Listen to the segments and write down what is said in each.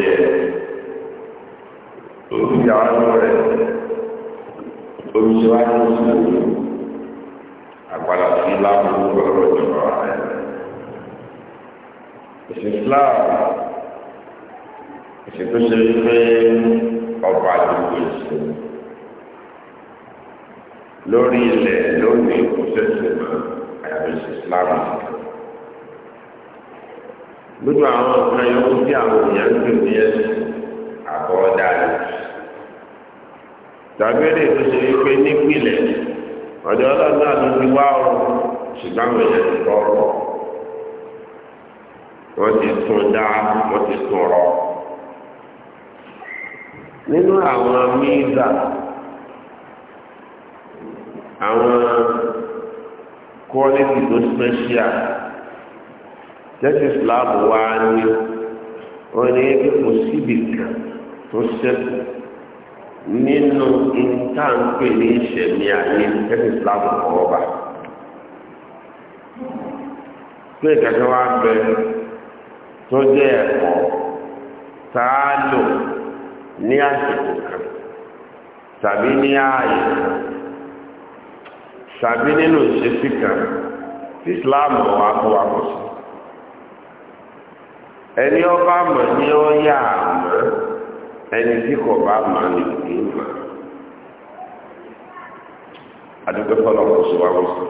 yẹ òbí àwọn rẹ̀ omi wá ní ìṣòro àgbàlá Islam ìsìn tó ṣe wípé ọba àdúgbò ìsìn lórí ilẹ̀ lónìí kò mọ́ àyàfi ìsìn Islam nìkan. gbogbo àwọn ọ̀nà yòókù tí àwọn èèyàn ń dùn ní ẹ̀sìn rẹ̀. tàbí tó ṣe wípé nípìnlẹ̀ ọ̀dọ̀ ọlọ́run náà ló ti wá ọ̀rọ̀ ṣùgbọ́n àwọn èèyàn ti wọ́n ti tún dá wọ́n ti tún nínú àwọn àwọn jẹ́sí islam wá ní wọ́n ní pé kò síbi kan tó ṣẹ́kù nínú ìtànpé ní ìṣẹ̀mí ayé jẹ́sí islam kọ̀ọ̀ bá. pé ìkẹ́kẹ́ wá bẹ tó jẹ́ ẹ̀kọ́ tá a lò ní àsìkò kan tàbí ní ààyè tàbí nínú ìṣesí kan tí islam wà kó wa kọ̀ sí ẹni ọba mọ̀ ní ọyà àmọ́ ẹni tí kò bá mọ̀ ní òkè mọ̀. Adúgbò fọlọ́ kò sọ wá wọ́n sọ.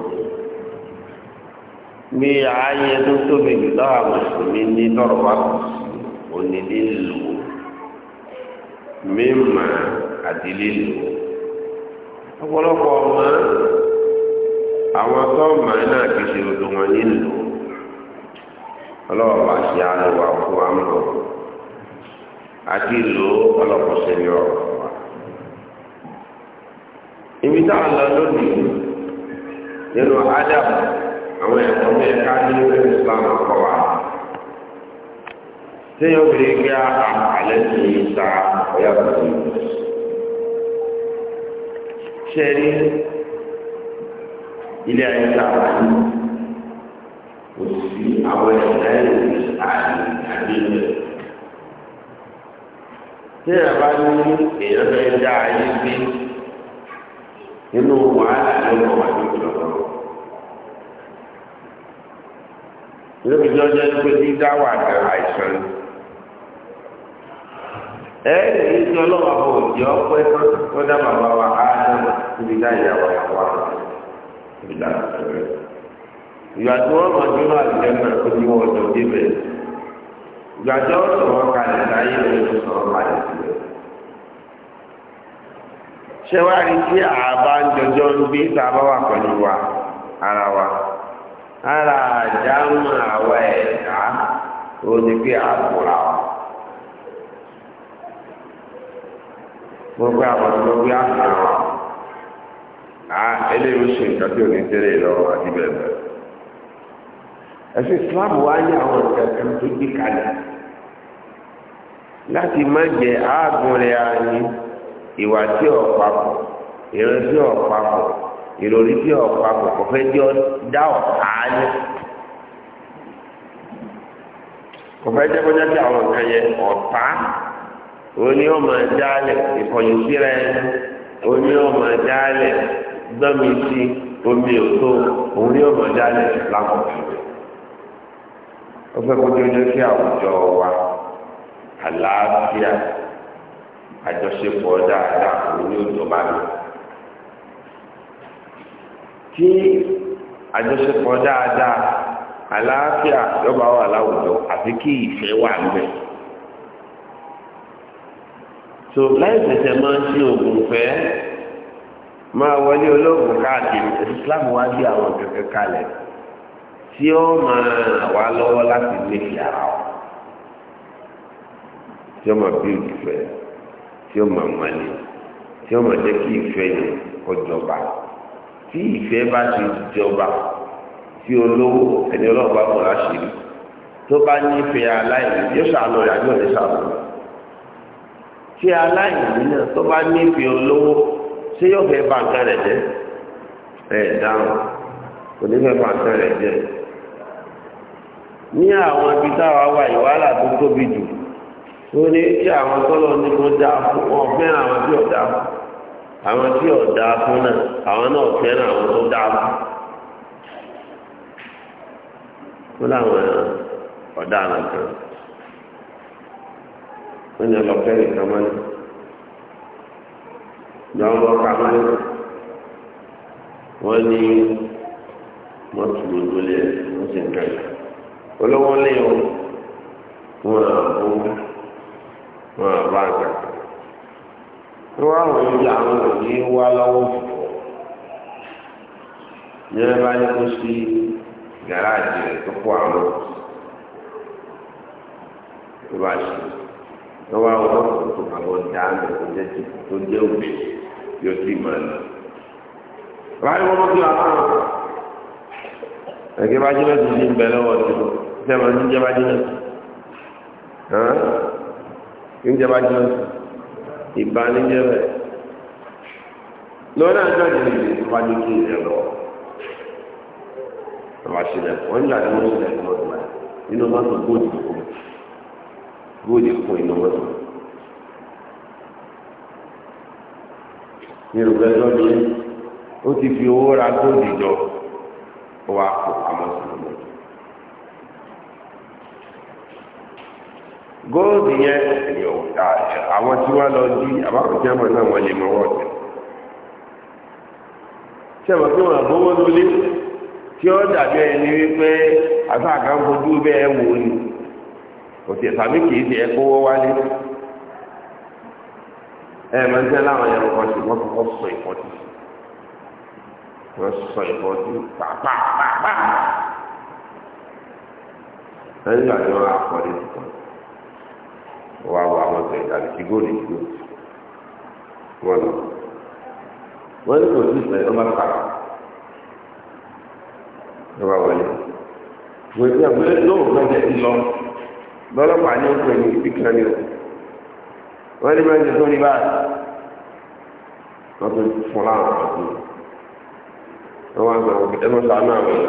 Bí ààyè tó tóbi jù lọ́wọ́ Mùsùlùmí ní lọ́rọ̀ wá kò sí òní lílo mímọ̀ àti lílo. Ọ̀pọ̀lọpọ̀ ọmọ àwọn tó mọ̀ náà kì í ṣe odò wọn nílò. ọlọ́ọ̀bà ṣe àlùwà fún àmọ́ àti ìlú ọlọ́pọ̀ṣẹ́ ní ọ̀rọ̀ wa. ibi tá a lọ lónìí nínú adam àwọn ẹ̀kọ́ mẹ́ka nínú Islam kọ́ wa. sẹ́yìn obìnrin gbé àkàlẹ́ sí i sa ọ̀yà ṣẹ́ni ilé ayé kò sí àwọn ẹ̀dá ìlú àdéhùn tí ẹ bá ní èèyàn fẹ́ dá ayé gbé nínú wàhálà ló wà ní ìjọba lóbi tí jẹ́ pé dídá wà ní àìsàn ẹ ní ti ọpẹ́ tó dá bàbá wa á dá ìyàwó àwọn ìgbà tí wọ́n máa dúró àlùjẹ́ náà kó tí wọ́n jọ débẹ̀ ìgbà tí wọ́n sọ̀rọ̀ kalẹ̀ láyé rẹ̀ ló sọ̀rọ̀ kalẹ̀ sílẹ̀. ṣé wàá rí tí àbá ń jọjọ́ ń gbé tá a bá wà pẹ̀lú wa ara wa ara àjámọ̀ àwa ẹ̀dá ó ní pé a kùra wa. gbogbo àwọn tó gbé àkàrà wa eléyìí ó ṣe nǹkan tí ò ní tẹ́lẹ̀ lọ àti bẹ́ẹ̀ bẹ́ẹ̀ ẹ̀sìn Islam wá ní àwọn ìkẹ̀kẹ́ tó gbé kalẹ̀ láti má jẹ ààgùn rẹ̀ ààyè ìwà tí ò papọ̀ ìran tí ò papọ̀ ìròrí tí ò papọ̀ kò fẹ́ jọ dá ọ̀tá ní. kò fẹ́ jẹ́ kọjá sí àwọn nǹkan yẹn ọ̀tá oní ọmọ dálẹ̀ ìkọ̀yìn síra ẹni oní ọmọ dálẹ̀ gbọ́mi sí omi òtó oní ọmọ dálẹ̀ lápapọ̀ ó fẹ́ kó jọjọ sí àwùjọ wa àlàáfíà àjọṣepọ̀ dáadáa òun ní òjọba mi tí àjọṣepọ̀ dáadáa àlàáfíà yọba wà láwùjọ àfi kí ìfẹ́ wà níbẹ̀ tó láì tẹ̀sẹ̀ máa ń ṣe oògùn fẹ́ máa wọlé olóògùn káàkiri Islam wá bí àwọn kẹ̀kẹ́ kalẹ̀ tí ó máa wá lọ́wọ́ láti lé yàrá o tí ó máa bí ìfẹ́ tí ó máa mọ̀lẹ́ tí ó máa jẹ́ kí ìfẹ́ yẹn kó jọba tí ìfẹ́ bá ti jọba tí olówó ẹni ọlọ́run bá mọ̀ láṣìírí tó bá nífẹ̀ẹ́ aláìní yóò ṣàánú rẹ̀ àbí òní ṣàánú tí aláìní náà tó bá nífẹ̀ẹ́ olówó ṣé yóò fẹ́ bá nǹkan rẹ̀ jẹ́ ẹ̀ dáhùn kò ní fẹ́ bá nǹkan rẹ̀ jẹ́ ẹ̀. ní àwọn ibi táwa wà ìwàhálà tó tóbi jù ó ní kí àwọn tọ́lọ̀ ní kó dáa fún wọn fẹ́ràn àwọn tí ọ̀dà fún àwọn tí ọ̀dà fún náà àwọn náà fẹ́ràn àwọn tó dáa fún. ó láwọn ọ̀daràn kan wọ́n gbogbo wọ́n sì olówó lé o wọn àbó wọn àbá àgbà tó àwọn ìjà àwọn òní wá lọ́wọ́ fún ọ yẹn bá ní kó sí gàràjì rẹ̀ tó kó àwọn tó bá ṣe tó bá wọn tó àwọn tó jẹ́ tó jẹ́ òbí yóò ti mọ̀ lọ. ráyé wọn bí wọn ẹ̀kẹ́ bá jẹ́mẹ́ ti di ń bẹ lọ́wọ́ ti sẹ́wọ̀n ní jẹ́ bá jẹ́mẹ́ ti ń jẹ́ bá jẹ́mẹ́ ti ìbá ní jẹ́ bẹ̀. lọ́wọ́ náà jọ́ọ̀jì lè lè fún wájú kí ìrìn lọ. àmà sílẹ̀ wọ́n nígbà tí wọ́n sílẹ̀ fún ọdún nínú mọ́tò góòdì kún góòdì kún inú mọ́tò. ní ìrùbẹ́jọ́ mi ó ti fi owó ra góòdì jọ. wa wá kó pamọ́ sínú mọ́tò. a yẹn àwọn tí lọ dị àbáwọn tí wọ́n náà wọ́n lè mọ́wọ́ ọ̀tẹ̀. tí a bá fi wọn àbọ̀wọ́ lólé tí ó dàbí ẹni wípé wò ni òtí tàbí kìí ṣe ẹkọwọ wálé ẹ máa ń tẹ láwọn wọ́n sọ ìbọn sí pàpàpàpà lẹ́yìn àti wọn àkọọ́lẹ̀ tuntun wọ́n wọ àwọn ọ̀sẹ̀ ìdàlẹ̀ tí góòlù tí ó wọ́n lọ wọ́n ní kò sí ìfẹ́ ọmọ kàrà ló bá wọlé wọ́n ti àgbélé lóòrùn mẹ́jẹ ti lọ lọ́lọ́pàá ní oṣù ẹ̀yìn ìbí kan ní o wọ́n ní mẹ́jẹ tó ní báyìí wọ́n tó fún láwọn ọ̀sẹ̀ yìí. wọ́n wá gbọ́n na mọ̀ ya àwọn èèyàn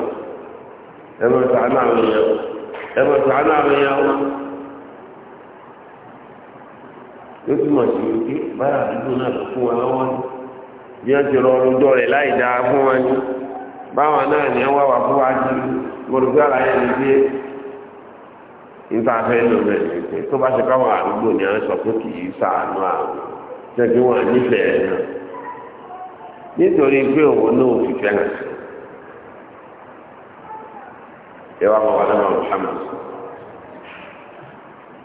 ẹ mọ̀ sàánú àwọn èèyàn ẹ mọ̀ náà wa lọ́wọ́ ni bí wọ́n ti fún wa ní bí rẹ̀ tó bá ṣe káwọn nítorí pé òun náà fi fẹ́ràn sí ẹ wá wà lọ́wọ́ Muhammad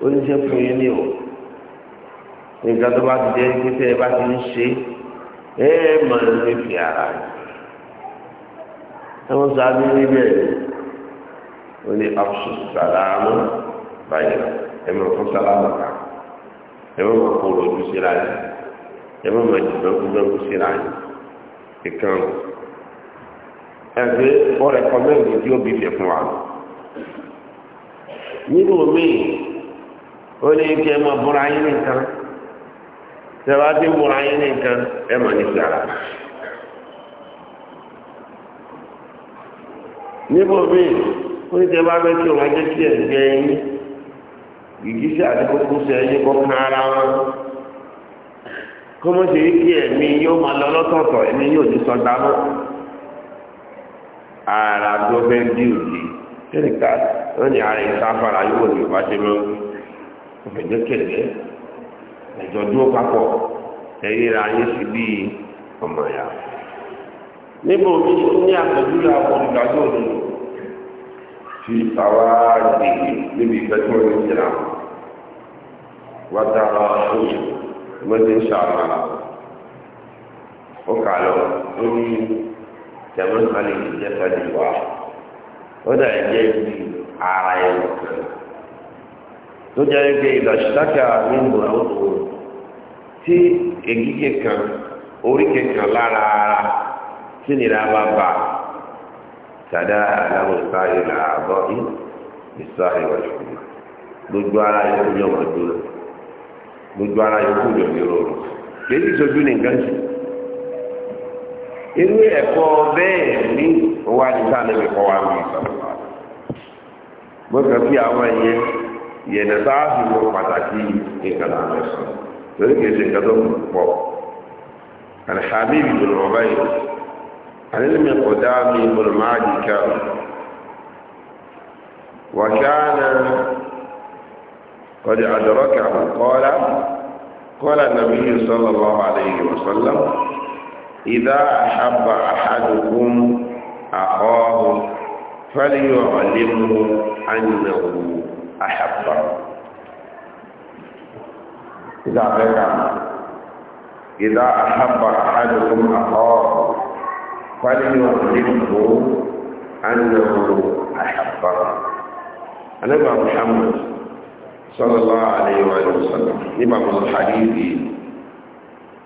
ó ní sẹ́ fún yín ní o nǹkan tó bá ti jẹ́ pé tẹ́ ẹ bá ti ń ṣe ẹ máa ń lè fi ara rẹ̀ ẹ wọ́n sọ adé níbẹ̀ ó ní absus sàlámù báyìí ẹ máa fún sàlámù kan ẹ máa kó lójú síra yìí ẹ máa jùlọ kúndọ́kú síra yìí. ìkànnì ẹgbẹ́ ó rẹ̀kọ́mẹ́ǹdì tí ó bí fi fún wa nínú míì ó ní kí ẹ máa bọ́ra yín nìkan tẹ́wá tí ń yín nìkan ẹ máa ní sára ó ní tí òun ajé yín àti kókó sẹ́yìn kọ́kàn ara wọn. kó mọ́ ṣe kí ẹ̀mí yóò máa lọ lọ́tọ̀ọ̀tọ̀ ẹ̀mí yóò ní sọ gbámú ara tó fẹ́ bí òjì kíríkà wọ́n ní ara ìsáfàrà yóò ní ìbá ṣe mọ́ òfìdí kẹlẹ ẹ̀jọ̀ dúró papọ̀ ẹ̀ríra yín sí bí ọmọ ya níbo mi ní àpèjúwe àwọn olùdájọ́ òdodo fi àwa gbègbè níbi ìfẹ́ tó ń jìnnà wàtàrà òyìnbó. mọ́tò ń ṣàmà ó kà lọ ó tẹ̀mọ́ sálẹ̀ ìjẹ́ sálẹ̀ wá ó dà jẹ́ ibi ara ẹ̀rọ tó jẹ́ pé ìdàṣítákà nínú àwọn òun tí kan lára ara tí bá sàdá sáré yìí gbogbo ara yóò dúró. gbogbo ara yòókù rẹ̀ ní rọrùn lèyí ìṣojú ní nǹkan jù irú ẹ̀kọ́ bẹ́ẹ̀ ní owó àdìsá níbi kọ́ wa mi sọ̀rọ̀ bó kàn fi àwọn ẹ̀yẹ yẹ̀nà sáàfì mọ pàtàkì nǹkan náà sọ lórí nǹkan tó pọ̀ wà kí á náà قد أدركه قال قال النبي صلى الله عليه وسلم إذا أحب أحدكم أخاه فليعلمه أنه أحبه إذا أحب إذا أحب أحدكم أخاه فليعلمه أنه أحبه أنا محمد sallallahu alayhi wa sallam nígbà mọ́ hadithi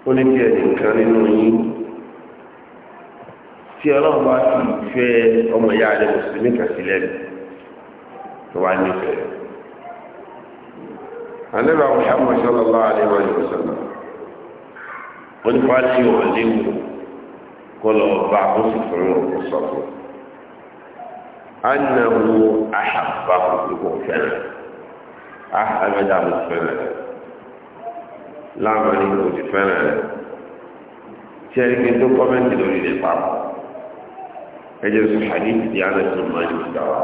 ó ní bí ẹni kan nínú yín tí ọlọ́run bá ti fẹ́ ọmọ ìyá rẹ̀ mùsùlùmí kan sílẹ̀ tó wá nífẹ̀ẹ́ àníbà Muhammad sallallahu alayhi wa sallam ó ní fáṣí wọn léwu kó lọ bá ó sì fún òkú sọ fún anahu ahabbahu ikú fẹ́ràn ah agbẹ́dà mo ti fẹ́ràn rẹ̀ láàmú ni mo ti fẹ́ràn rẹ̀ tí ẹni kí n tó kọ́mẹ́ntì lórí rẹ̀ papọ̀ ẹ jẹ́ sọ hadithi di Anas bin Malik dáwà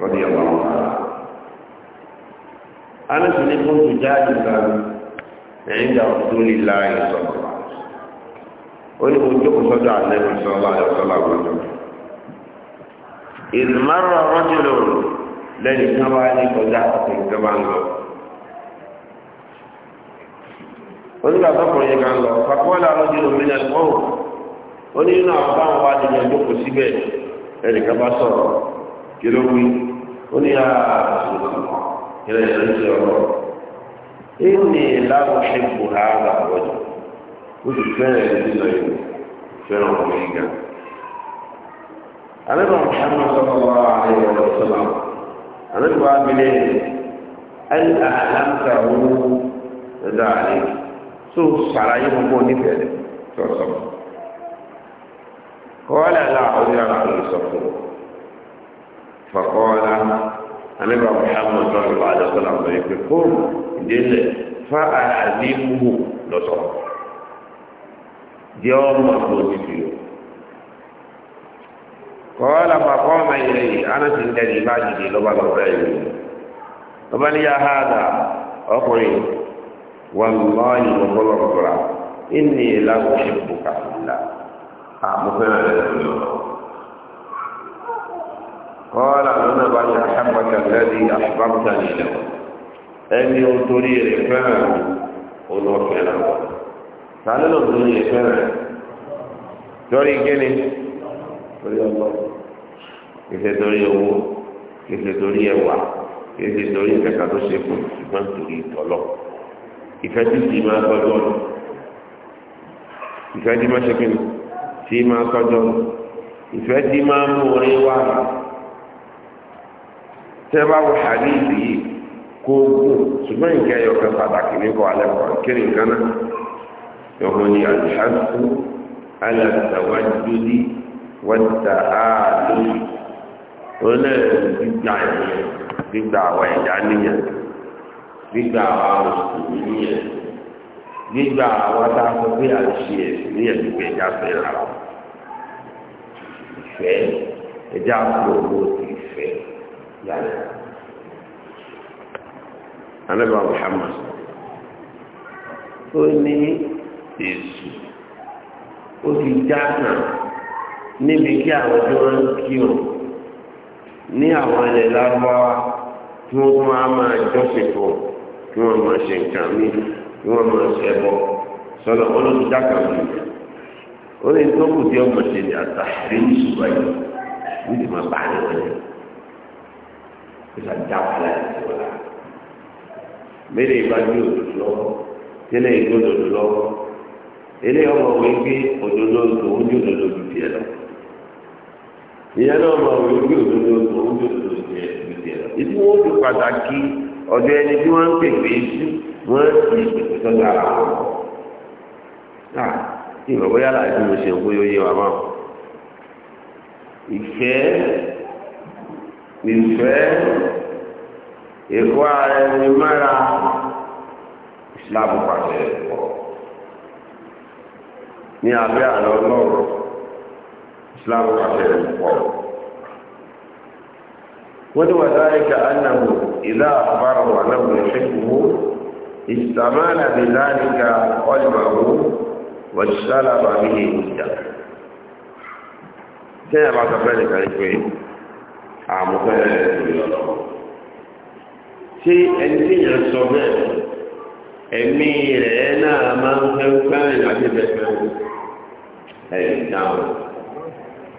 rọ́dí ọ̀wá wọn ara Anas ní kó tó jáde ẹ̀yìn dà ó tó lè láàyè sọ̀rọ̀ ó ní ojú kò sọ́dọ̀ àlẹ́ mi sọ́lá ẹ̀ sọ́lá gbọ́dọ̀ ìdùnmọ́rọ̀ rọ́jò lòrò lẹ́yìn tí wọ́n wá ní ọjà ọ̀sẹ̀ ìjọba ń lọ. onígbà tọkùnrin yìí kan lọ fàkọ́lá lọ́jọ́ lómìnira ni wọ́n ó ní inú àwọn wá nínú ẹjọ́ kò síbẹ̀ ẹnìkan bá sọ̀rọ̀ kí ló wí ó ní àṣùwọ̀n ah, kí ó fẹ́rẹ̀ nínú ìlú fẹ́ràn ọmọ yìí gan. alẹ́ wá ọ̀sán náà. أنت وعملين إيه؟ أن أعلمته ذلك سوء الصلاة يكون نفعل ترسم قال لا أعوذ على أهل الصفر فقال أمير محمد صلى الله عليه وسلم يقول دل فأعلمه نصر يوم أقول فيه kọ́ọ́lá pàpọ́ ọmọ ilẹ̀ yìí ń dẹ́rì bá jìdì lọ́ba lọ́bẹ̀ yìí lọ́ba ní yàrá àdá ọkùnrin wọn lọ́ ìlú bọ́lọ̀ kọ́ra ìní ìlànà ìṣèkù kàfìlà àmúfẹ́ràn rẹ̀ lọ́wọ́. kọ́ọ́lá lọ́nà bá ní àṣàpàtà lẹ́dí àṣàpàtà nílẹ̀ ẹni o torí rẹ̀ fẹ́ràn olùfẹ́ràn tàlẹ́ lọ́dún rẹ̀ fẹ́ràn lórí gẹ́ni. Orí kìí ṣe torí owó kìí ṣe torí ẹwà kìí ṣe torí ìkẹta tó ṣe fún ṣùgbọ́n nítorí ìtọ́lọ̀ ìfẹ́ tí kì í máa tọ́jú ọ̀nà ìfẹ́ tí máa ṣe kí ni tí máa tọ́jú ọ̀nà ìfẹ́ tí máa mú orin wá tẹ́ bá wọ hadithi yìí kó gùn ṣùgbọ́n nǹkan ẹ̀yọ̀ kan pàtàkì ní kọ́ alẹ́ kọ́ kí ni nǹkan náà yọ̀hún ni àdìhásù alẹ́ àtàwájú wọ́n ta ààlùfẹ́. olè gbígbà yẹn gbígbà àwọn ẹ̀dá nìyẹn gbígbà àwọn mùsùlùmí nìyẹn gbígbà àwọn tá a sọ pé à gbígbà ẹ̀dá fẹ́ ìfẹ́ ẹ̀dá fún owó ti ìfẹ́ yàrá. Ànábì Muhammad ó ní èsù ó ti já níbi kí àwọn tí wọ́n ń kírun. ní àwọn ilẹ̀ lárúbáwá tí wọ́n tún máa máa jọ́sìn fún kí wọ́n máa ṣe nǹkan mí kí wọ́n máa ṣe ẹbọ sọlọ olóòtú dákà mí ó lè tó kù tí ọmọ ṣe ní àtàkì ní ìṣùgbọ́n yìí ní ìdìmọ̀ bá ní wọn yẹn ó ṣe àdá wàhálà ìṣẹ́ wọn la mẹ́lẹ̀ ìbá ní òdòdó lọ́wọ́ tẹ́lẹ̀ ìgbódòdó lọ́wọ́ eléyàwó wọ́n wí pé òdòdó lòún jòdòdó ju tiẹ̀ lọ́wọ́ ìyẹn náà máa wọ ojú òdodo ojú òdodo ìjẹ ìjẹ ìdí wọn ti pàtàkì ọ̀dọ̀ ẹni tí wọn ń pèpè sí wọn ti pèpè sọ́dọ̀ ara wọn. náà ah, tí ìmọ̀ bóyá láti mo ṣe nǹkó yóò yé wa máa ìfẹ́ ìfẹ́ ìfọ́ ara ẹni mára ìsìláàbù pàṣẹ ẹ̀kọ́ ní abẹ́ àlọ́ ọlọ́run islam pàṣẹ rẹ̀ pọ̀ wọ́n ní wàdá ẹ̀ka annahu ìlà àbára wà náà wọ́n ṣe kúrò ìsàmánà bí láníkà ọlùmọ̀wó wọ́n ṣálà bá mi lè ìjà tẹ́yà bá sọ fẹ́ẹ́ nìkan pé àmúfẹ́ẹ́ rẹ̀ tó yọ lọ tí ẹni tí yẹn sọ bẹ́ẹ̀ ẹ̀mí rẹ̀ náà máa ń fẹ́ fẹ́ràn àti bẹ̀rẹ̀ ẹ̀yìn dáhùn.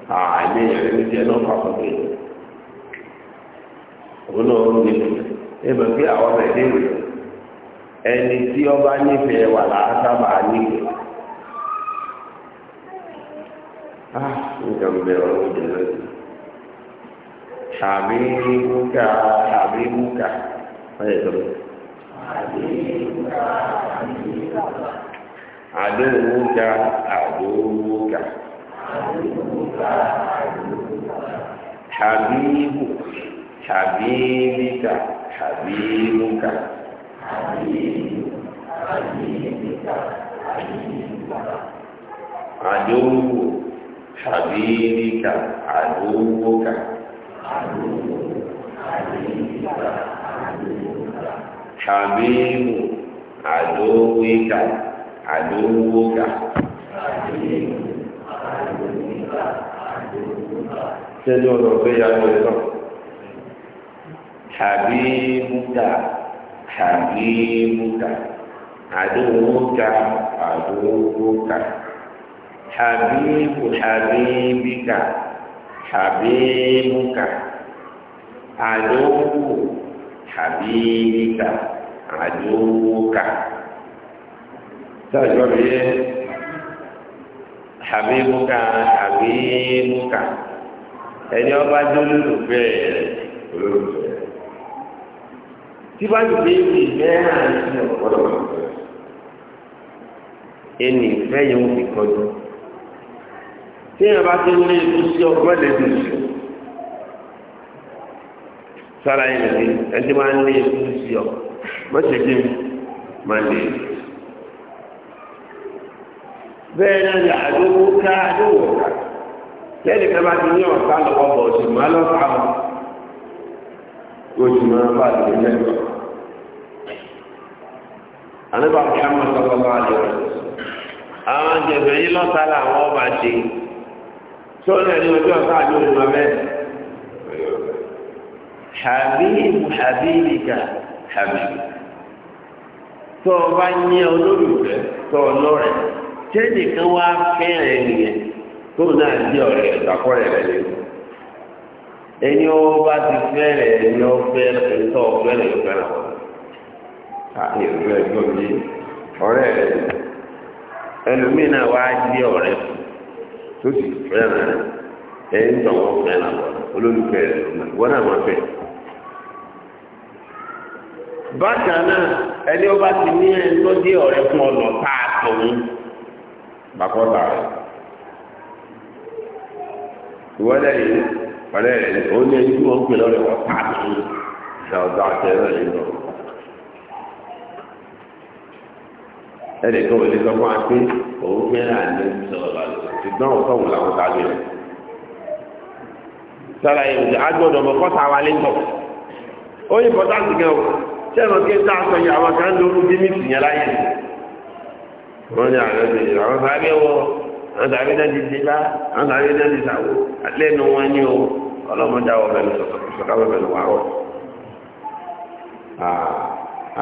a yẹn ọrụ tiẹ̀ náà òun náà ń gbèsè ẹgbẹ́ pé àwọn ọmọ ẹ̀dẹ́ rẹ̀ ẹni tí ọba nífẹ̀ẹ́ wà láàtàbà nífẹ̀ẹ́ ah nǹkan bẹ̀rẹ̀ ọ̀rọ̀ jẹ́ lọ́sí àbí búkà àbí búkà tó àdéhùn àdéhùn habibu habibika habibuka aduwu habibika aduwuka habibu aduwika aduwuka habibu tẹ́lẹ̀ ọ̀rọ̀ ìgbéyàwó rẹ̀ náà tàbí múta tàbí múta àdéhùn múta àdéhùn múta tàbí kò tàbí bíkà tàbí múka àdéhùn tàbí bíkà àdéhùn múka. Sáàjọ́ mi yẹ tàbí múka tàbí múka ẹni ọba jẹ́ olólùfẹ́ rẹ̀ olólùfẹ́ rẹ̀ tí bá ti dé ibi mẹ́rin àti ọ̀pọ̀lọpọ̀ ẹni ìfẹ́ yẹn ń fi kọjú tí èèyàn bá ti ń lé ibi sí ọgbọ́n lè sí sára yẹn lè ẹni máa ń lé ibi sí ọ mọ́tò máa lè bẹ́ẹ̀ náà ni àdókò ká àdókò ká. tẹ́lẹ̀ kan bá ti ní ọ̀sán lọ́wọ́ bọ̀ máa oṣù máa bá ti àníbà àwọn jẹ̀bẹ̀ yìí làwọn ọba ṣe sọ́ọ́nù ẹni ọ̀sán àjọ òun máa bẹ́ẹ̀. Habib Habibika Habib bá ní olólùfẹ́ lọ́rẹ̀ tẹ́lẹ̀ kan wá fẹ́ràn ẹ̀ nìyẹn. tó náà jẹ́ ọ̀rẹ́ ìgbàkọ́rẹ́ rẹ̀ lé ẹni ó bá ti fẹ́rẹ̀ ẹni ó fẹ́ ẹ̀tọ́ ọ̀fẹ́rẹ̀ ló àti ọ̀rẹ́ rẹ̀ náà wá ọ̀rẹ́ tó olólùfẹ́ rẹ̀ wọ́n náà máa fẹ́ bákan náà ẹni ó bá ti ní ẹni tó ọ̀rẹ́ fún bàkọ́ta rẹ̀. ìwọ́dẹ̀ yìí ọ̀rẹ́ rẹ̀ ní ẹni wọ́n pè lọ́rẹ̀ wọ́n pàdé ìṣà ọ̀dọ́ àti ẹ̀rọ yìí lọ. ẹnì kan sọ fún wa pé òun fẹ́ràn àní sọ̀rọ̀ lọ́dọ̀ ṣùgbọ́n òun sọ̀rọ̀ làwọn sáré rẹ̀. sára ìròyìn agbọ́dọ̀ mọ̀ kọ́ta wa lé tọ̀. ó yí pọ́tàsì gan o sẹ́wọ̀n kí n tá a yìí àwọn kan lóru bí mí sì yẹn láyé. wọ́n àwọn tàbí náà ti di bá àwọn tàbí náà ti sàwó lẹ́nu wọn ní o ọlọ́mọdé àwọn ọ̀bẹ̀nu sọ̀kàwé bẹ̀rù wà rọ̀.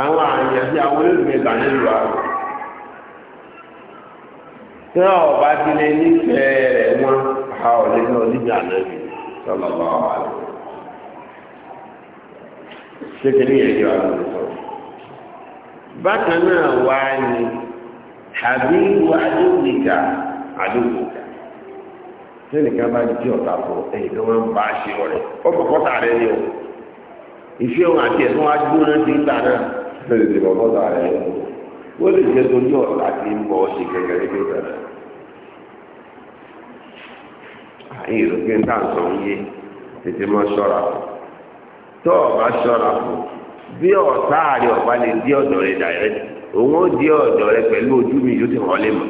àwọn àyàn sí àwọn olóògbé ìgbà nílùú àrùn tí wọn ò bá ti lè nífẹ̀ẹ́ rẹ̀ wọn a ò lè ní oníjà náà sọlọ bá wà lọ. kékeré yẹn yọ àwọn olùsọ̀rọ̀. bákan náà wá ní àbí wàá ní àdúgbò sẹ́nìkan bá di tí ọ̀tá fún ẹ̀yìn tó máa ń bá a ṣe ọ̀rẹ́ ó kọ̀kọ́ tà rẹ ni o ìfẹ́ òun àti ẹ̀sùn wa gbóná ti gbà náà lórí ti kọ̀kọ́ tà rẹ ni o lè jẹ́ torí ọ̀tá ti ń bọ̀ ṣe gẹ́gẹ́ ní gbígbà náà. àyìn ìrògbé ń tà ń sọ ń yé tètè máa ṣọ́ra fún tó ọba ṣọ́ra fún bí ọ̀tá rẹ ọ̀bá lè dí ọ̀dọ̀ rẹ dàrẹ́ òun ó dí ọ̀dọ̀ rẹ pẹ̀lú ojú mi yóò ti hàn lé mọ́.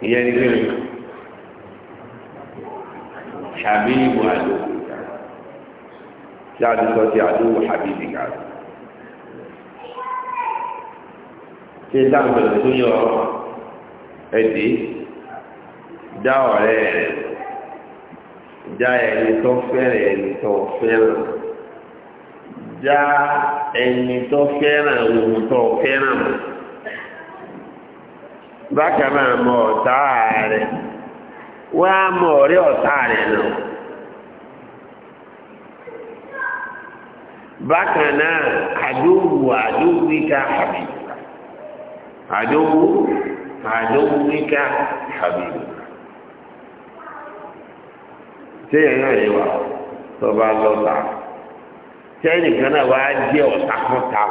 ìyẹn ní kí ni habibu àdókò tí a ti sọ ti àdókò habibu kàdó tí dáhùn bẹ̀rẹ̀ tó yọ ẹ̀dí dá ọ̀rẹ́ rẹ̀ dá ẹni tó fẹ́rẹ̀ ẹni tó fẹ́ràn dá ẹni tó fẹ́ràn ohun tó fẹ́ràn mọ́. bákan náà mọ ọ̀tá rẹ̀ wọ́n á mọ ọ̀rẹ́ ọ̀tá rẹ̀ náà. bákan náà àdówù àdówìkà àbí àdówù àdówìkà àbí téèyàn náà yẹ wà tó bá lọ́ta tẹ́yìn kan náà wá jẹ́ ọ̀tá kan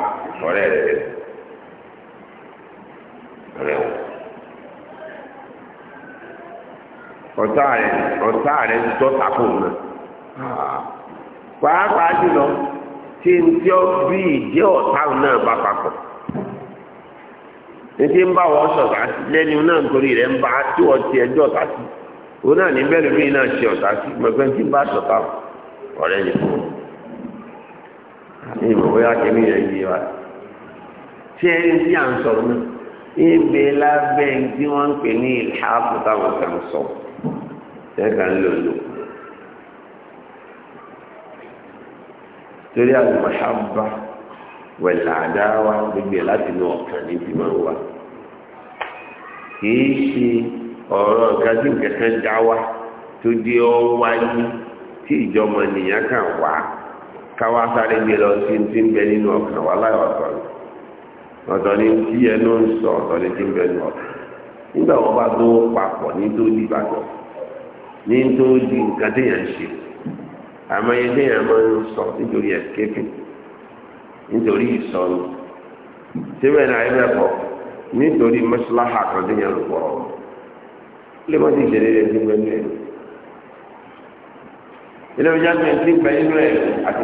ọ̀tá rẹ̀ rẹ̀ dọ́ta kò mọ́ pàápàá jùlọ tí n tí ó bí ìjẹ́ ọ̀tá náà bá papọ̀ ní tí ń bá wọ́n sọ̀tà lẹ́nu náà nítorí rẹ̀ ń bá tí wọ́n ti ẹjọ́ sí náà ní bẹ́ẹ̀ lómi náà ṣe sí mọ̀gbẹ́ ẹ̀ka ń lò lò torí àlùmọ̀ṣábà wẹ̀lẹ̀ àdáwà gbígbé láti inú ọ̀kan níbi máa ń wà kìí ṣe ọ̀rọ̀ kájú kẹ̀kẹ́ dáwà tó dé ọ wáyé tí sáré gbé lọ sí ti ń ọkàn láì ọ̀tọ̀ ọ̀tọ̀ tí ẹnu ń sọ ọ̀tọ̀ ní tó di nǹkan téèyàn ń ṣe àmọ́ iye téèyàn máa ń sọ nítorí ẹ̀kẹ́kẹ́ nítorí ìsọnù síbẹ̀ náà ẹ bẹ̀ nítorí mọ́ṣáláhà kan téèyàn ń pọ̀ lè má ti ṣẹlẹ̀ rẹ̀ sí pẹ̀lú ẹ̀ ilé ìjà pé inú àti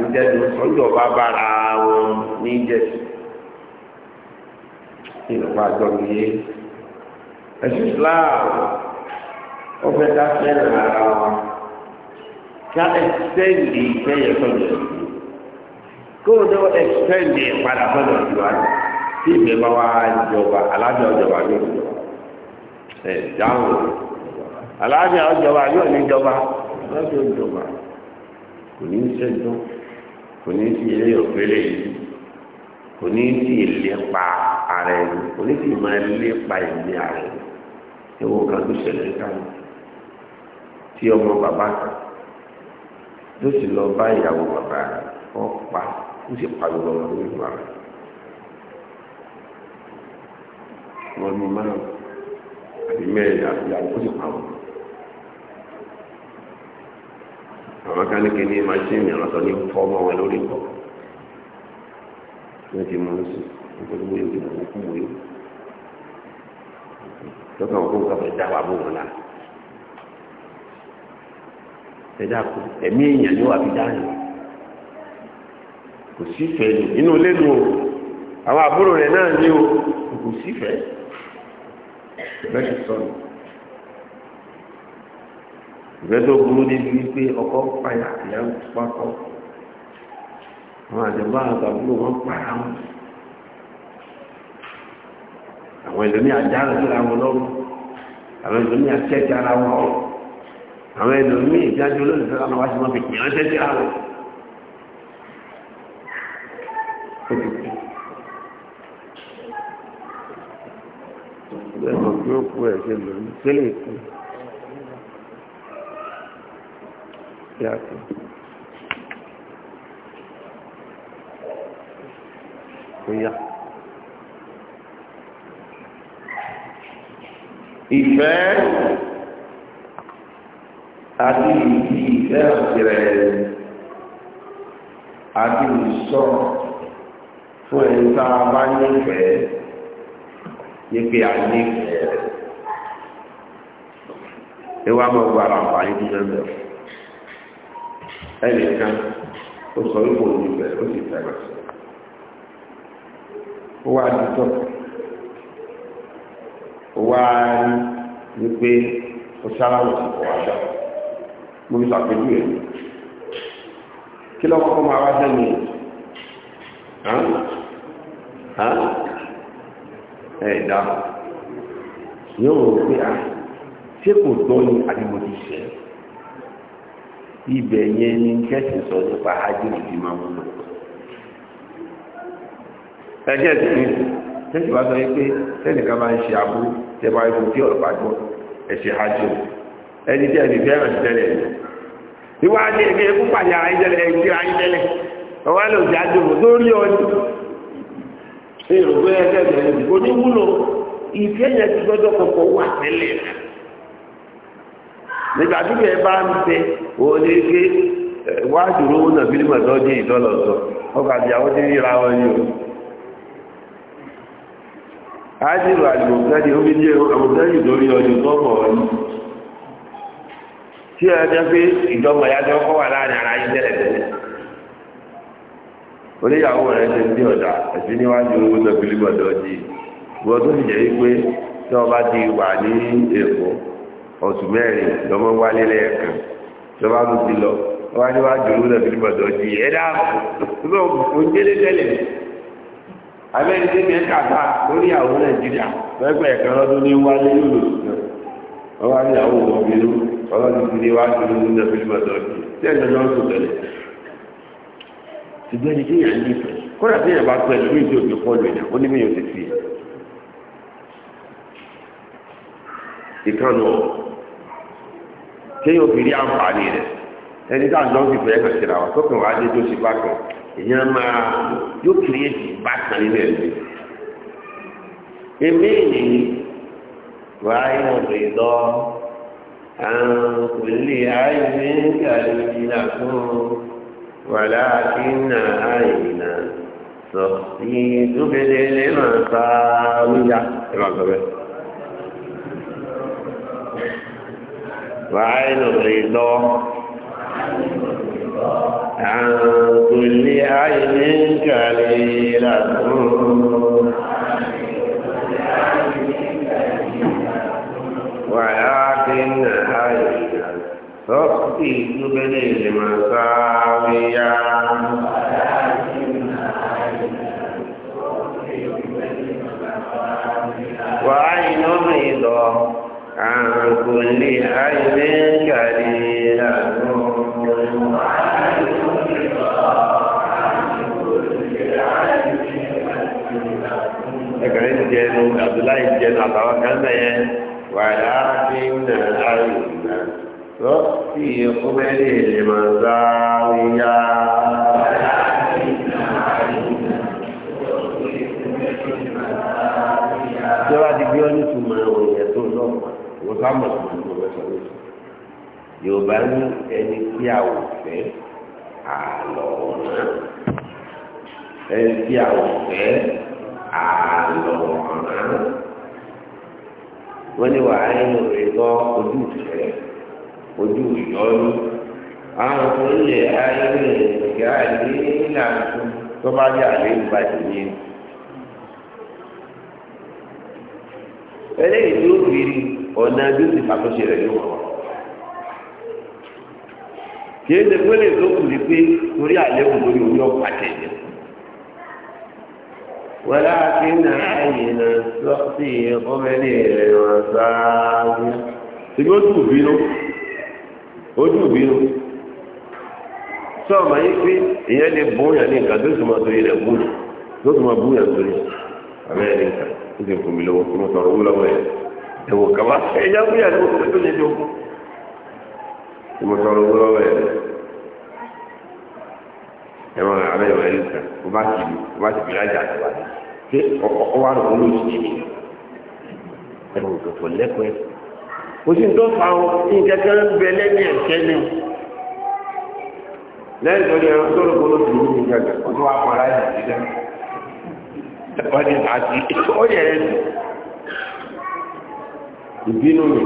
bá bára wọn ní ìlú ó fẹ́ ká fẹ́ràn ara wa ká ẹ̀sẹ́ǹdì ìfẹ́yẹ sọ́dọ̀ ẹ̀sìn kó o náà ẹ̀sẹ́ǹdì ìpadà sọ́dọ̀ ẹ̀sìn wa tí ìgbẹ́ bá wá jọba alájọ ọjọba yóò jọba ẹ̀ dáhùn alájọ ọjọba yóò ní jọba alájọ ọjọba kò ní í ṣẹ́jọ́ kò ní í sí ilé òfélè yìí kò ní í sí ìlépa ara ẹni kò ní sí ìmọ̀ ìlépa ìmí ara ẹni ewu kan tó ṣẹlẹ̀ káwọn tí ọmọ bàbá kan ló sì lọ bá ìyàwó bàbá rẹ̀ ọ pa ó sì pa gbogbo ọmọ lórí ìwà rẹ̀ wọn ní márùn àti mẹ́rin àti ìyàwó ó sì pa wọn. àwọn kan ní kíní máṣíìnì àwọn sọ ní fọmọ wọn lórí ìkọ wọn ti mú un sí nítorí wọn yóò ti mú un kú wọn yóò lọ́kàn wọn kó nǹkan fẹ́ dá wa bó wọn náà. ẹ̀dá ẹ̀mí èèyàn ló wà fi kò nínú lẹ́nu o àwọn àbúrò rẹ̀ náà ní o kò sífẹ́ bẹ́ẹ̀ sọ̀rọ̀ ìfẹ́ tó burú wípé ọkọ ìyá àwọn àjọba wọn wọn àwọn ìlú ní àjà àrùn síra àwọn ìlú ní àwọn ẹlòmíì ìjájú olóòtú àwọn wáṣí wọn fi pè wọn tẹ́tí àwọn lẹ́nu tí ó kú ẹ̀ ṣe lòmí sílẹ̀ kú yàtọ̀. Ìfẹ́. àti ìdí ìfẹ́ àtìrẹ̀ àti ìsọ fún ẹni tá a bá nífẹ̀ẹ́ yípe ànífẹ̀ẹ́ rẹ̀ ewa máa gba ara àǹfààní tó jẹ́ ẹnìkan ó sọ wípé òun nífẹ̀ẹ́ ó sì fẹ́ràn ó wá dúdọ̀ ó wá wípé ó sáláwọ̀ sí kò wá mo fi sàpèjú ẹ̀ kí ló kọ́kọ́ máa wá sẹ́nu ẹ̀ yóò rò pé à ṣé kò tọ́ ni àdìmọ̀ ti ṣẹ́ ibẹ̀ yẹn ni kẹ́sì sọ nípa hajj ti máa mú lọ ẹgẹ́ ti ní tẹ́sí wá sọ wípé tẹ́nìkan máa ń ṣe abú tẹ́bàá ikú tí ọ̀rọ̀ bá gbọ́ ẹ̀ṣẹ̀ hajj ẹni tí ẹni fẹ́ràn tẹ́lẹ̀ yìí ìwà àti èmi ẹkú pàdé ara ìjẹlẹ ẹkú ayíjẹlẹ ọwọ àlọ òjì àdúgbò lórí ọdún èrò pé ẹgbẹ bẹ̀rẹ̀ ìdìbò ní wúlò ìfẹ́ yẹn ti gbọ́dọ̀ kọ́kọ́ wà tẹ́lẹ̀ rẹ nígbà tí bẹ́ẹ̀ bá ń bẹ òun ní ké wá náà fílímù dín sọ àti àwọn tí ń yíra wọn o tí a jẹ́ pé ìjọba ìyájọ́ kọ́ wà láàrin ara yín tẹ́lẹ̀ tẹ́lẹ̀ oníyàwó rẹ̀ ṣe ní ọ̀dà ẹ̀sìn níwájú owó tẹ̀kùlì gbọ̀dọ̀ jì wọ́n tó ti jẹ́ wípé tí ọba ti wà ní èkó wálé ọba lọ níwájú owó jì dáàbò abẹ́rẹ́ tẹ́lẹ̀ kàtà kan lọ́dún ní ọwọ́ ní àwọn òbínú ọlọ́dún ti ní wá sí ní ní ọdún ìgbàdọ̀ kí tí ẹ̀jọ̀ náà sùn tẹ̀lẹ̀ ṣùgbọ́n ẹni tí yàn ní ìfẹ́ kódà tí yàn bá pẹ́ ní ìjọ òjò pọ́ọ̀lù ẹ̀yà ó ní mí yóò ti fi ìkànnù rí àǹfààní rẹ̀ ẹni tí àjọ fi fẹ́ kàn síra wa tó kàn tó ṣe bá kàn èèyàn máa yóò kiri bá kàn nínú ẹ̀mí èmi ènìyàn وعين الرضا عن كل عين كالملكون ولكن عينا تخفي تبدي المساوية وعين الرضا عن كل عين كالملكون فاخطي جبلي لمساويا وعين بيضاء عن كل عين كريهة ẹgbẹ̀rin jẹnu àdúláì jẹnu àtàwọn kan bẹ̀yẹn wà láàrin náà àrùn náà ربي قبل المزاوية Ìjọba ti gbé ọ́nì tó mọ àwọn èèyàn tó lọ́pàá, wọ́n sá mọ̀ sí ìjọba ẹ̀sán lóṣù. Yorùbá ní ẹni tí a ò fẹ́ àlọ́ ọ̀nà. Ẹni tí a ò fẹ́ àlọ́ ọ̀nà. Wọ́n ní wàá nínú rẹ̀ lọ ojú ìfẹ́. ojú ìyọ́nú àwọn tó ń lè ayé ìgbà àlè ìlànà tó bá jẹ́ àlè ìgbà ìdílé. eléyìí tí ó ọ̀nà bí ó ti ṣàtúnṣe rẹ̀ yóò wọ̀. kì í ṣe pé lè tó kù ní pé torí àlékún lórí orí ojú ìbínú sọ́ọ̀mà yìí pé èèyàn lè bọ́ ní nǹkan tó sì máa torí rẹ̀ bú tó sì máa bú torí àmì ẹni nǹkan ó sì fún mi lọ́wọ́ kí mo tọrọ owó lọ́wọ́ yẹn ẹ̀wọ̀ kàwá ẹ̀yà tó owó lọ́wọ́ ẹ̀ máa àmì ẹ̀wọ̀ nǹkan ó bá bí ó bá bí lájà ṣé ọkọ̀ wà lọ́wọ́ kò sí tó fa ọ nǹkankan ń bẹ lẹ́ni ẹ̀kẹ́ ni lẹ́yìn tó lè ẹran tó lè kóló tìlú ní ìjọba ó tó wá pọ̀ láyé ìdílé wọ́n ní àti ó yẹ ẹ́ dùn ìbínú mi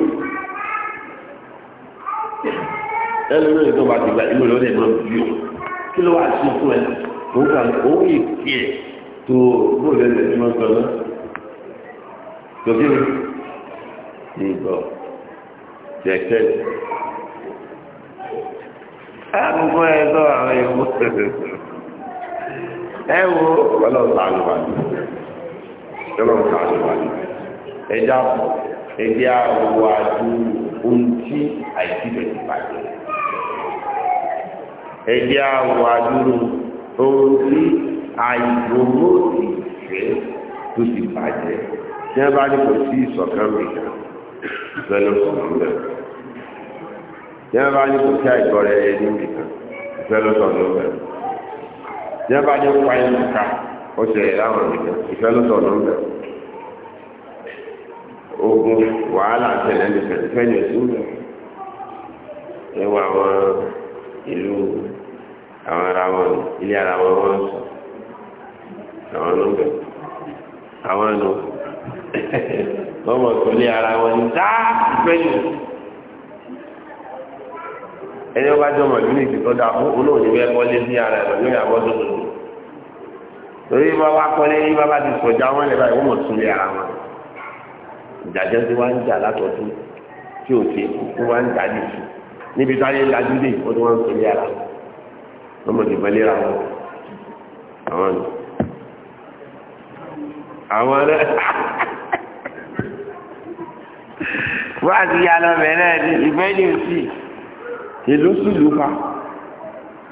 ẹlẹ́nu ìjọba bá ti gba ìlú lórí ẹ̀mọ́ bí o kí ló wà sí fún ẹ òun kà òun yìí kí ẹ tó bóyá ẹ̀sìn mọ́tò náà tòbí mi ní ìgbà jẹ̀kẹ́ ẹ̀kú ẹ̀sọ́ àwọn èèmú ẹ wo ọlọ́ọ̀ta àlùbàdì ọlọ́ọ̀ta àlùbàdì ẹja ẹdí àwọn àdú ohun tí àìsíbẹ̀ ti bàjẹ́ ẹdí àwọn àdúró ohun tí àìgbòmó ti fẹ́ tó ti bàjẹ́ tí wọ́n bá ní kò sí ìṣọ̀kan mìíràn lọ́nà ọ̀sán mẹ́rin tí wọ́n bá ní kò sí àìgbọ́ rẹ̀ ẹni nìkan ìfẹ́ lọ́sọ̀ ló bẹ̀rẹ̀ tí wọ́n bá ní kó ayé nìka ó ṣe láwọn nìkan ìfẹ́ lọ́sọ̀ ló bẹ̀rẹ̀ ogun wàhálà tẹ̀lé nìkan ìfẹ́ ní oṣù ẹwà àwọn ìlú àwọn ara wọn ilé ara wọn wọn sọ àwọn ló bẹ̀rẹ̀ àwọn ló wọ́n mọ̀ tó lé ara wọn ní dáa ìfẹ́ ní ẹni wọn bá jọ mọ ìlú nìkì tó dáa fún olóòní bẹ kọ́lé sí ara ẹ̀ lórí àbọ̀ tó tó torí bá wá kọ́lé yín bá bá ti sọ̀jà wọn lẹ́ba ìwọ́n mọ̀ tún lé ara wọn ìjàjẹ́ tí wọ́n ń jà látọ̀tún tí ò ṣe tí wọ́n ń jà nìṣú níbi táyé lajú dé ó ti wọ́n ń tún lé ara wọn mọ̀ ní bẹ́lẹ́ ra wọn àwọn ni wọ́n á ti yà lọ bẹ̀rẹ̀ ìfẹ́ ní òsì. èló sì lù pa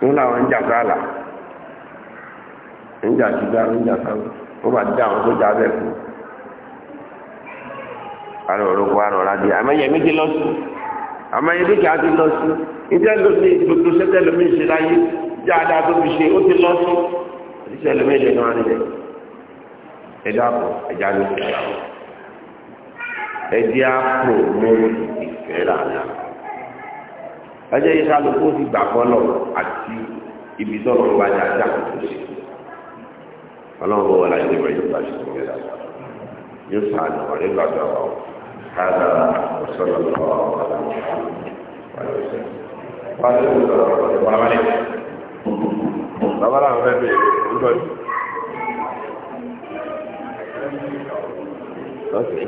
wọn làwọn ń jà sáàlà ń jà sígbà ń jà sáàlà wọn bá dá àwọn tó jà bẹ́ẹ̀ kú àrò òrùkọ àrò àmọ́yẹ méjì lọ sí àmọ́yẹ dúkìá ti lọ sí gbogbo lómi láyé tó fi ṣe ó ti ọjọ́ yìí kálukú ti gbà fọlọ́ àti ibi tọ́lọ́ ọba ní ajá kò tó ṣe ọlọ́run bọ̀ wọlé ayélujára yóò gbà ṣe fún yàrá yóò sàánù ọ̀rẹ́ gbàgbà wà ó káàdà lọ́wọ́ ọ̀rẹ́ wà ló ń sọ̀rọ̀ ọ̀rẹ́ wà lálẹ́ babaláwo fẹ́ bẹ̀rẹ̀ ń bọ̀ yìí. Okay.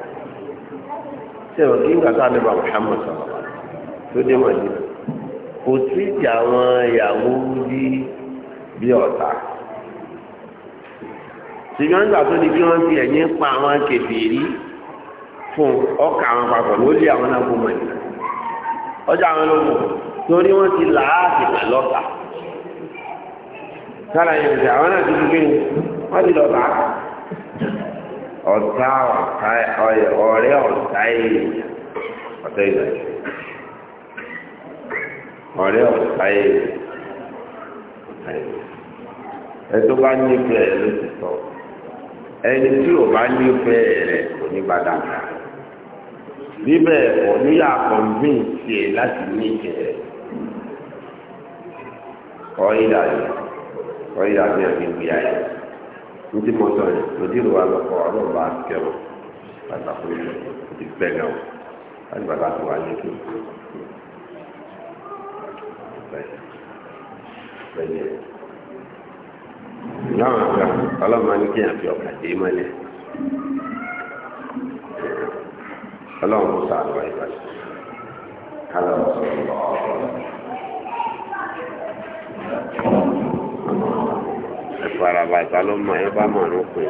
sẹ́wọ̀n kí nígbà tá na nípa Muhammad sọ̀rọ̀ tó dé wọ̀nyí kò tí ti àwọn ìyàwó yí bí ọ̀tá ṣùgbọ́n nígbà tó di kí wọ́n ẹ̀yìn pa àwọn fún ọkà àwọn papọ̀ ló lé àwọn náà kó mọ̀ ní ọjà àwọn ológun torí wọ́n ti là á sì sára yẹn ti àwọn náà ti ọ̀tá ọ̀tá ọ̀rẹ́ ọ̀tá èèyàn ọ̀tá èèyàn ọ̀rẹ́ ọ̀tá èèyàn ẹ tó bá nífẹ̀ẹ́ rẹ ló ti tọ́ ẹni tí ò bá nífẹ̀ẹ́ rẹ kò ní bá dáadáa bíbẹ̀ kò níyà kọ̀ǹfìn tiẹ̀ láti ní ìjẹ́ kọ́ ìdàgbẹ́ kọ́ ìdàgbẹ́ ìgbìyà yẹn nítí mo sọ yẹn lòdì ìlú wa lọkọ ọlọ́run bá kẹ wọn pàtàkì ìṣẹ o ti pẹ gan o láti bàbá tó wà ní kí láwọn àgbà ọlọ́run máa ní kí àfi ọkà dé mọ́lẹ̀ ọlọ́run mú sàánú wa ìbàdàn kálọ̀ sọ̀rọ̀ lọ́wọ́ ìfarabà ìta ló mọ̀ ẹ bá mọ̀ ọ̀rọ̀ pé.